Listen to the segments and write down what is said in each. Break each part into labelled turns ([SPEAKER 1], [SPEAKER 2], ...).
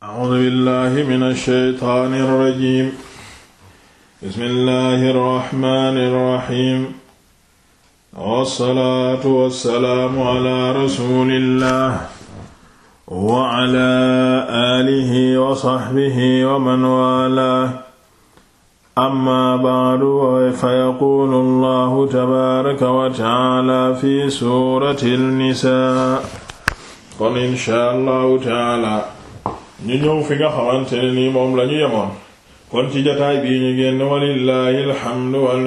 [SPEAKER 1] A'uuzu billaahi mina shaytaani rajiim. Bismillaahi rahmaani rahiim. Wa salaatu wa salaamu ala rasuulillaah. Wa ala aalihi wa sahbihi wa man waalaah. Amma ba'du fa yaquulu Allaahu tabaaraka wa ta'aalaa fi suurati nisaa. Kon inshaa Allahu ta'aalaa. ñu ñëw fi nga xamante ne moom la ñu yemoon kon ci jataay bii ñu génn walillahi alhamdu wal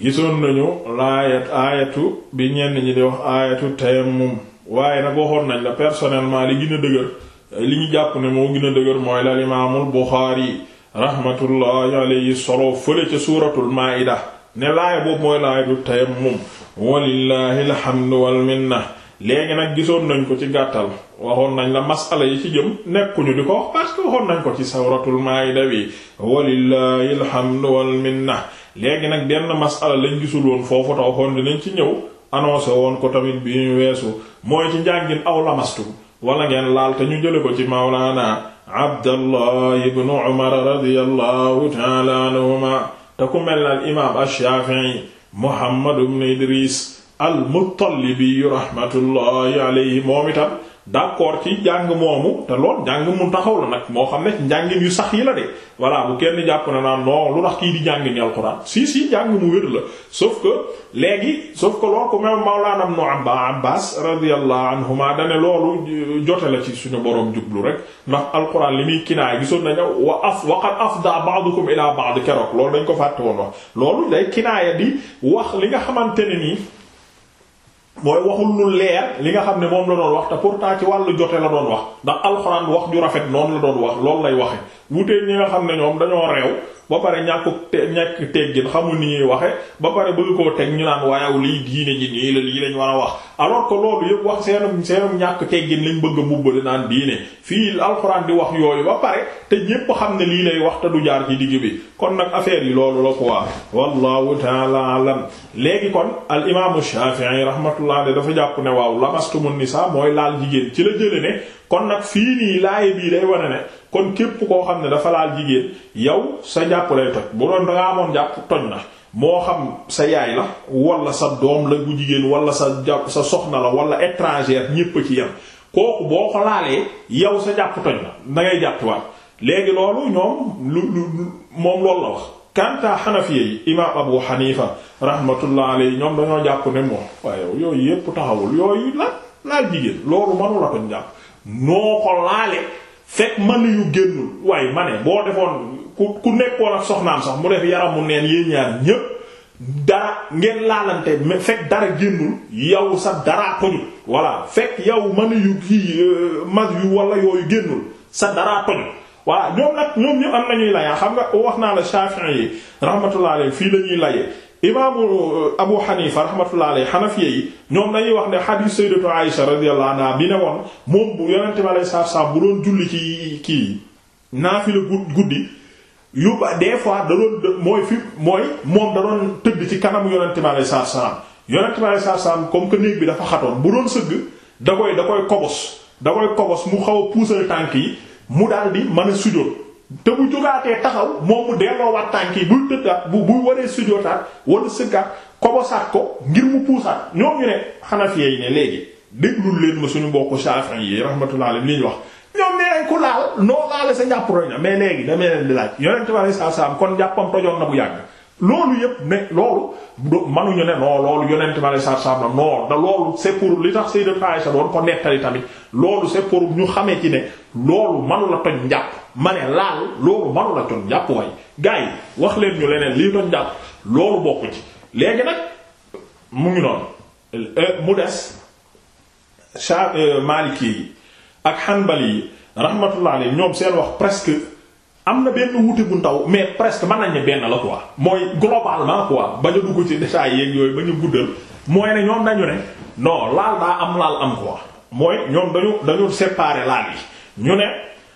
[SPEAKER 1] gisoon nañu laayat aayatu bi ñenn ñi di wax aayatu tayammum waaye nag waxoon nañ la personnellement li gën dëgër li ñu jàpp ne moo gën a dëgër mooy la imaamul Buxaari rahmatullahi alayhi solo fële ca suuratul maa'ida ne laaya boobu mooy laayatu tayammum walillahi alhamdu wal minna léegi nag gisoon nañ ko ci gàttal waxoon nañ la masala yi ci jëm nekkuñu di ko wax que waxoon nañ ko ci sawratul maayda wi walillahi alhamdu wal minna léegi nag benn mas masala lañ gisul woon foofu ta waxoon dinañ ci ñëw annoncé woon ko tamit bi ñu weesu mooy ci njàngin aw lamastu wala ngeen laal te ñu jële ko ci mawlaana abdallah ibnu umar radiyallahu taala anhuma te ku mel na al imaam ash-shafi'i muhammad ibn idris al-Muttalibi rahmatullahi alayhi moom itam d'accord ci jàng moomu te lool njàng mu taxaw la nag moo xam ne njàngin yu sax yi la de voilà bu kenn jàpp na naan non lu tax kii di njàng ni alxuraan si si njàng mu wér la sauf que léegi sauf que lool ko même Mawlana Ibn Abbas radiyallahu anhuma dane loolu jote la ci suñu borom jublu rek ndax alxuraan li muy kinaay gisoon nañu wa af waqad afda ba'dukum ila ba'd keroog loolu dañ ko fàtte woon wax loolu day kinaaya di wax mooy waxul lu leer li nga xam ne moom la doon wax te pourtant ci wàllu jote la doon wax ndax alxuraan wax ju rafet noonu la doon wax loolu lay waxe wuteeg ñi nga xam ne ñoom dañoo réew ba pare ñàkkuk te ñàkk teggin xamul ni ñuy waxe ba pare bëgg koo teg ñu naan waayaw liy diine ji nii la lii lañ war a wax alors que loolu yëpp wax seenum seenum ñàkk teggin lañ bëgg a mbubbali naan diine fii alxuraan di wax yooyu ba pare te ñépp xam ne lii lay wax te du jaar ci digg bi kon nag affaire yi loolu la quoi wallahu taala alam léegi kon al imaamu Shafi'i rahmatullah dafa jàpp ne waaw lamastumun nisa mooy laal jigéen ci la jële kon nag fii nii laaye bii day wane ne kon képp koo xam ne dafa laal jigéen yow sa njàpp lay toj bu doon dangaa amoon njàpp toj na moo xam sa yaay la wala sa doom la bu jigéen wala sa jàpp sa soxna la wala étrangère ñépp ci yem kooku boo xolaalee laalee yow sa njàpp toj na da ngay jàppiwaat léegi loolu ñoom lu lu moom loolu la wax kanta xanafiya yi imaam abu xanifa rahmatullah alayhi ñoom dañoo jàpp ne moom waaye yooyu yépp taxawul yooyu la laal jigéen noo ko laale fekk mën yu génnul waaye ma boo defoon ku ku nekkoon ak soxnaam sax mu def yaramu neen yéen ñaar ñépp dara ngeen laalante fekk dara génnul yow sa daraa toju voilà fekk yow mën yu kii euh, mas yu wala yooyu génnul sa daraa toju voilà ñoom nag ñoom ñëpp am nañuy layaa xam nga wax naa la Shafi'i yi rahmatullah alayhi fii la ñuy layee imaamu uh, Abu Hanifa rahmatullahi alayhi xanafiya yi ñoom dañuy wax ne xadiis sayyidatu Aisha radiyallahu anha bi ne woon moom bu yonente bi alayhi bu doon julli ci kii naafila guddi yu des fois da doon mooy fi mooy moom da doon tëdd ci kanamu yonente bi alayhi salaam yonente bi alayhi salaam comme que néeg bi dafa xatoon bu doon sëgg da koy da koy kobos da koy kobos mu xaw a puusal tànk yi mu daal di mën a sujjóot te bu jógaatee taxaw moom mu delloo wat tànk yi buy tëddaat bu buy waree sujjóotaat wala sëggaat kobosaat ko ngir mu puusaat ñoom ñu ne Hanafiya yi ne léegi déglul leen ma suñu mbokku Shafi'i yi rahmatullahi alayhi li ñu wax ñoom nee nañ ku laal noo laale sa njàpp roñ na mais léegi damay leen di laaj yonent bi sallallahu alayhi kon njàppam tojoon na bu yàgg loolu yëpp ne loolu manuñu ne non loolu yonent ma lay sarsam la non da loolu c'est pour li tax Sayyidat Aisha doon ko nettali tamit loolu c'est pour ñu xamee ci ne loolu manu la toj njàpp ma ne laal loolu manu la toj njàpp way gars yi wax leen ñu leneen lii toj njàpp loolu bokk ci léegi nag mu ngi noonu euh, euh, mu des cha euh, Maliki yi ak Hanbali yi rahmatullah alayhi ñoom seen wax presque am na benn wuti bu ndaw mais presque mën nañ ne benn la quoi mooy globalement quoi bañ a dugg ci détails yeeg yooyu bañ ñu guddal mooy ne ñoom nañu ne non laal daa am laal am quoi mooy ñoom dañu dañu séparer laal yi ñu ne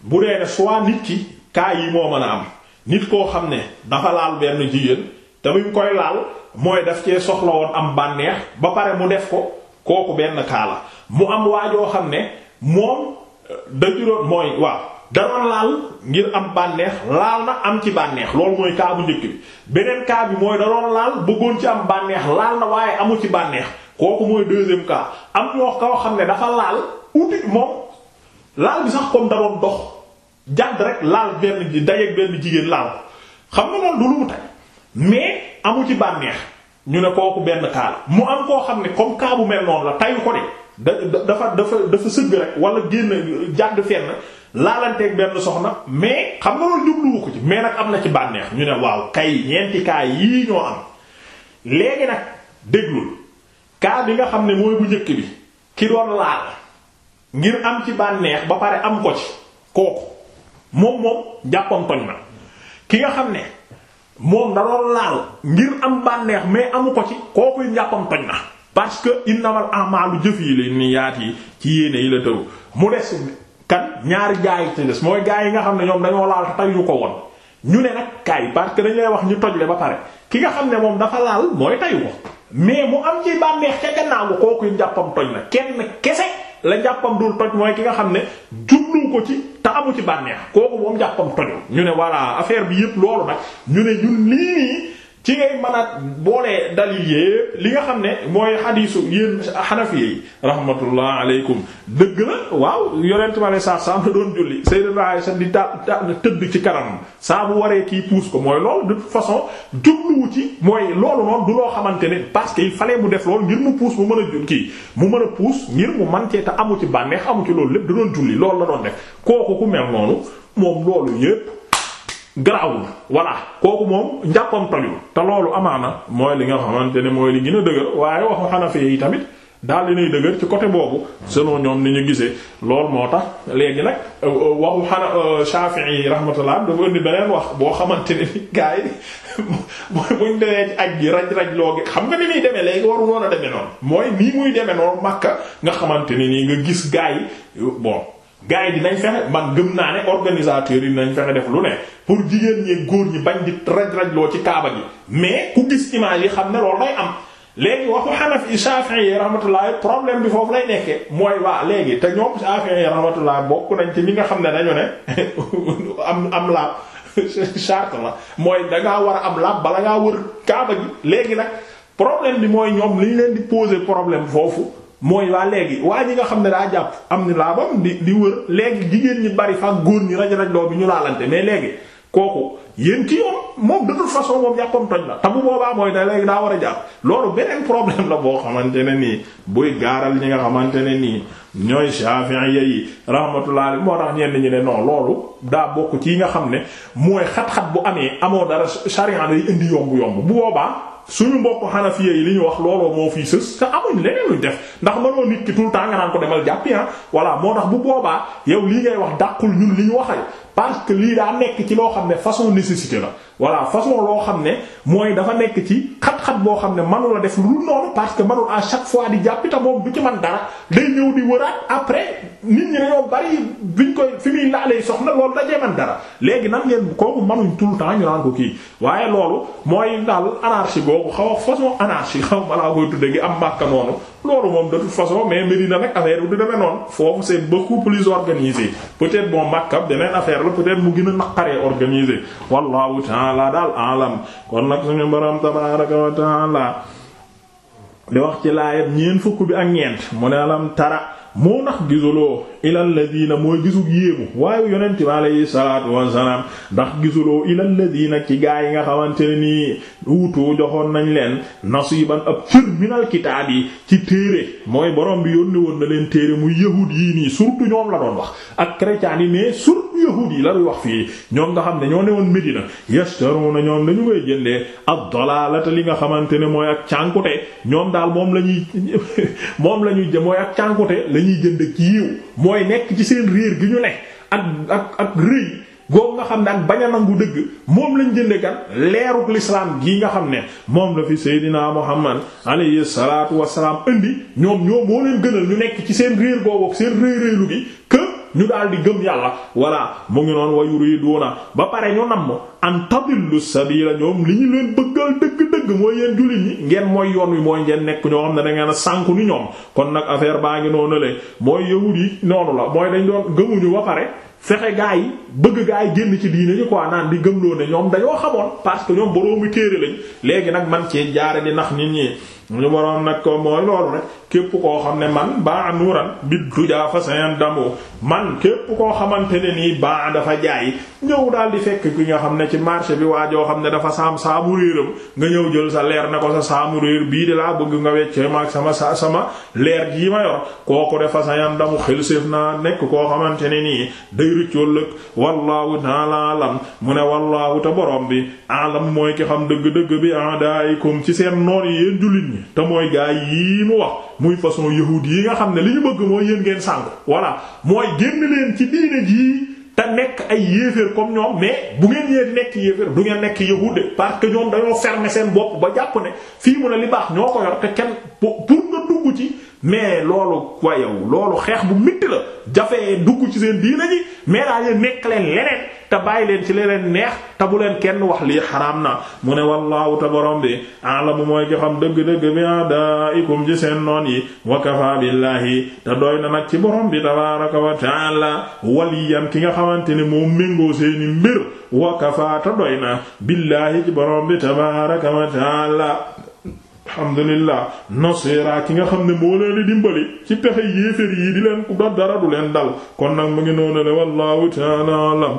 [SPEAKER 1] bu dee ne soit nit ki cas yi moo mën a am nit koo xam ne dafa laal benn jigéen te bu koy laal mooy def cee soxla woon am bànneex ba pare mu def ko kooku benn cas mu am waajoo xam ne moom euh, dañu doon mooy waaw. danoon laal ngir am bànneex laal na am ci bànneex loolu mooy kaa bu njëkk bi beneen kaa bi mooy danoon laal bëggoon ci am bànneex laal na waaye amul ci bànneex kooku mooy deuxième cas am ñoo koo xam ne dafa laal uti moom laal bi benn dajeeg benn jigéen laal nga loolu mu ci bànneex ñu ne kooku benn kaa mu am koo xam ne comme kaa mel noonu la tayu ko de dafa dafa dafa sëgg rek wala génn jàdd fenn laalanteeg benn soxna mais xam nga loolu jubluwu ko ci mais nag am na ci bànneex ñu ne waaw kay ñeenti cas yii ñoo am léegi nag déglul cas bi nga xam ne mooy bu njëkk bi ki doon laal ngir ba pare am ko ci moom nga xam ne moom da doon laal ngir am bànneex mais amu ko ci kooku yi jàppam koñ na parce que innamal a'malu jëf yi la niyaat yi ci yéene yi la tëru mu des kan ñaari gaay ci des mooy gaay yi nga xam ne ñoom dañoo laal tay yu ko woon ñu ne nag kaay parce que dañ lay wax ñu tojle ba pare ki nga xam ne moom dafa laal mooy tayu mais mu am ci bànneex ca gannaaw kooku njàppam toj na kenn kese la njàppam dul toj mooy ki nga xam ne jublu ko ci te amu ci bànneex kooku moom njàppam tojul ñu ne voilà affaire bi yëpp loolu nag ñu ne ñun lii nii ci ngay man a boolee dalil yépp li nga xam ne mooy xadiisu yéen xanafi yi rahmatullah aleykum dëgg la waaw yonent ma ne saa saa ma doon julli Sayyidatu Aisha di ta tëdd ci kanam saa bu waree kii puus ko mooy loolu de toute façon jubluwu ci mooy loolu noonu du loo xamante ne parce que falee fallait mu def loolu ngir mu puus mu mën a jul kii mu mën a puus ngir mu man cee te amu ci bànneex amu ci loolu lépp da doon julli loolu la doon def kooku ku mel noonu moom loolu garawul voilà kooku moom njàppam tojul te loolu amaana mooy li nga xamante ne mooy li gën a dëgër waaye waxu xanafi yi tamit daal dinay dëgër ci côté boobu selon ñoom ni ñu gisee loolu moo tax léegi nag euh, euh, waxu xana euh, Shafi'i yi rahmatullah dafa indi beneen wax boo xamante ne ni gars yi buñ demee ci aj gi raj-raj loogi xam nga ni muy demee léegi waru noon a demee noonu mooy nii muy demee noonu Makka nga xamante ni nii nga gis gars yi bon gars yi dinañ fexe man gëm naa ne organisateurs yi dinañ fexe def lu ne pour jigéen ñi góor ñi bañ di raj-rajloo ci kaaba gi mais ku gis image yi xam ne loolu day am léegi waxu Hanafi Shafi'i yi rahmatullah problème bi foofu lay nekkee mooy waa léegi te ñoom Shafi'i yi bokk nañ ci ñi nga xam ne dañu ne am am laab charte la mooy dangaa war a am laab bala ngaa wër kaaba gi léegi nag problème bi mooy ñoom li leen di poser problème foofu mooy waa léegi waa ji nga xam ne daa jàpp am ni laabam di di wër léegi jigéen ñi bari fa góor ñi raj raj loo bi ñu laalante mais léegi kooku yéen kii façon moom la te bu boobaa mooy léegi daa war a jàpp loolu beneen problème la boo xamante ne nii buy gaaral ñi nga xamante ne nii ñooy Shafi'iyya yi rahmatullah moo tax ñeen ñi ne noon loolu daa bokk ci yi nga xam ne mooy xat-xat bu amee amoo dara sharia day indi yomb-yomb bu boobaa suñu mbokk xanafiya yi li ñu wax looloo moo fii sës te amuñ leneen luñ def ndax manoo nit ki tout le temps nga naan ko demal jàppi ah voilà moo tax bu boobaa yow lii ngay wax dàqul ñun li ñu waxal parce que lii daa nekk ci loo xam ne façon nécessité la voilà façon loo xam ne mooy dafa nekk ci xat-xat boo xam ne mënu la def lu noonu parce que mënul à chaque fois di jàppi te moom du ci man dara day ñëw di wëraat après yu bari biñ koy fi muy laalee soxna loolu dajee man dara léegi nan ngeen kooku manuñ tout le ñu naan ko kii waaye loolu mooy daal anarchie boobu xaw a façon anarchie xaw ma laa koy tudde gi am màkka noonu loolu moom da toute façon mais Medina nag affaire bi du demee noonu foofu c'est beaucoup plus organisé peut-être bon Makka beneen affaire la peut-être mu gën a naqaree organisé wallahu ta'ala daal alam kon nag suñu borom tabaaraka wa ta'ala di wax ci laayam moo tax gisuloo ilal ladina mooy gisu yéemu waaye yonent bi alayhi salaatu wassalaam ndax gisuloo ilal ladina ci gaa yi nga xamante ne nii uutoo joxoon nañ leen nasiban ab cër minal kitaab yi ci téere mooy borom bi yónni woon na leen téere muy yahud yii nii surtout ñoom la doon wax ak chrétiens yi mais surtout yahud yi la wax fii ñoom nga xam ne ñoo newoon Médina yashtaruna ñoom dañu koy jëndee ad-dalalata li nga xamante ne mooy ak cànkute ñoom daal moom la ñuy moom la ñuy mooy ak cànkute la jënd ci yiw mooy nekk ci seen riir gi ñu ne ak ak ak rëy googu nga xam ne ak bañ a nangu dëgg moom lañ jënde kan leeruk lislaam gii nga xam ne moom la fi seydinaa muhammad alayhi salaatu wassalaam indi ñoom ñoom moo leen gënal ñu nekk ci seen réer googu ak seen réeréelu gi ñu daal di gëm yàlla voilà mu ngi noonu wa yuriduuna ba pare ñu namm an tadillu sabila ñoom li ñu leen bëggal dëgg-dëgg mooy yéen jullit ñi ngeen mooy yoon wi mooy ngeen nekk ñoo xam ne da ngeen a sànku ni ñoom kon nag affaire baa ngi noonu le mooy yahud yi noonu la mooy dañ doon gëmuñu ba pare fexe gaa yi bëgg gaa yi génn ci diine ji quoi naan di gëmloo ne ñoom dañoo xamoon parce que ñoom boroomu téere lañ léegi nag man ci jaare di nax nit ñi ñu boroom nag loolu rek képp koo xam ne man baa nuuran bi dujaa fa sayan damu man képp koo xamante ne nii baa dafa jaay ñëw daal di fekk ki nga xam ne ci marché bi waa joo xam ne dafa saam saamu réeram nga ñëw jël sa leer ne ko sa saamu réer bii de laa bëgg nga weccee ma ak sama sa sama leer gii ma yor kooku de fa sayan damu xel séef naa nekk koo xamante ne nii day rëccoo lëg wallaahu ta'ala alam mu ne wallaahu te borom bi alam mooy ki xam dëgg-dëgg bi adaikum ci seen noon yi yéen muy façon yahudi yi nga xam ne li ñu bëgg moo yéen ngeen sànku voilà mooy génn leen ci diine jii te nekk ay yéeféer comme ñoom mais bu ngeen yéen nekk yéeféer du ngeen nekk yahude parce que ñoom dañoo fermer seen bopp ba jàpp ne fii mu ne li baax ñoo ko yor te kenn pour nga dugg ci mais loolu quoi loolu xeex bu mitti la jafee dugg ci seen diine ji mais daa yéen nekk leen leneen te bàyyi leen ci li leen neex te bu leen kenn wax lii xaraam na mu ne wallaahu te borom bi alamu mooy ki xam dëgg-dëgg bi adaikum ci seen noon yi wa kafa billahi te doy na nag ci borom bi tabaaraka wa taala waliyan ki nga xamante ne moo méngoo seeni mbir wa kafa te doy na billahi ci borom bi tabaaraka wa taala alhamdulillah nga xam ne moo leen di dimbali ci yi di leen ku leen dal kon nag alam